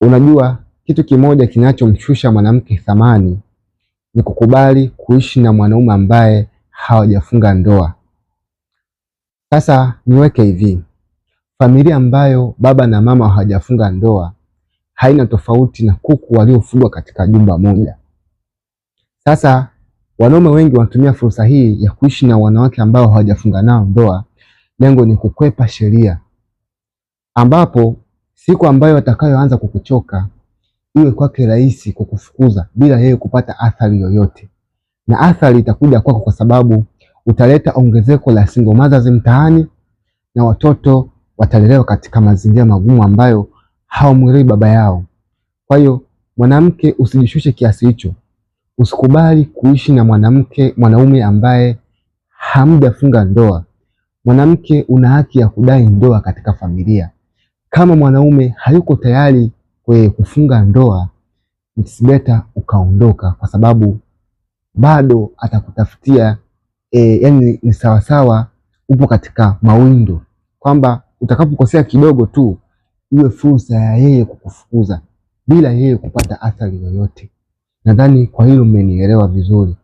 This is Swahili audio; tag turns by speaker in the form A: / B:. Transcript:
A: Unajua, kitu kimoja kinachomshusha mwanamke thamani ni kukubali kuishi na mwanaume ambaye hawajafunga ndoa. Sasa niweke hivi, familia ambayo baba na mama hawajafunga ndoa haina tofauti na kuku waliofugwa katika jumba moja. Sasa wanaume wengi wanatumia fursa hii ya kuishi na wanawake ambao hawajafunga nao ndoa, lengo ni kukwepa sheria ambapo Siku ambayo atakayoanza kukuchoka iwe kwake rahisi kukufukuza bila yeye kupata athari yoyote, na athari itakuja kwako kwa sababu utaleta ongezeko la single mothers mtaani na watoto watalelewa katika mazingira magumu ambayo hawamwelewi baba yao. Kwa hiyo mwanamke, usijishushe kiasi hicho, usikubali kuishi na mwanamke mwanaume ambaye hamjafunga ndoa. Mwanamke, una haki ya kudai ndoa katika familia. Kama mwanaume hayuko tayari kwe kufunga ndoa, it's better ukaondoka, kwa sababu bado atakutafutia e, yani ni sawasawa, upo katika mawindo kwamba utakapokosea kidogo tu iwe fursa ya yeye kukufukuza bila yeye kupata athari yoyote. Nadhani kwa hilo mmenielewa vizuri.